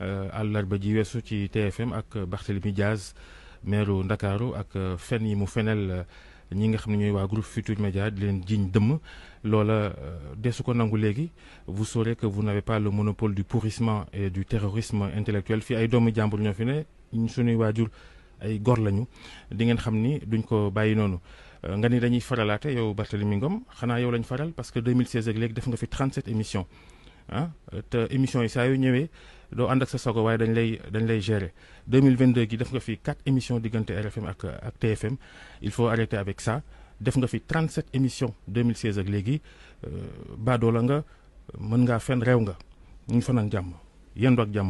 Euh, àllarba ji weesu ci TFM ak Barthélemy Diaz meeru Ndakaaru ak euh, fen yi mu fenel euh, ñi nga xam ne ñooy waa groupe Futur Média di leen jiiñ dëmm loola desu ko nangu léegi vous saurez que vous n'avez pas le monopole du pourrissement et du terrorisme intellectuel fii ay doomu jàmbur ñoo fi ne suñuy waajur ay gor lañu di ngeen xam ni duñ ko bàyyi noonu nga ni dañuy faralaate yow Barthélemy Ngom xanaa yow lañ faral parce que 2016 ak léegi def nga fi 37 émissions ah te émissions yi saa yu do ànd ak sa sago waye dañ lay dañ lay gérer 2022 gi def nga fi 4 émissions de RFM ak ak TFM il faut arrêter avec ça def nga fi 37 émissions 2016 ak léegi euh, baadoo la nga mën nga fen réew nga ñu ak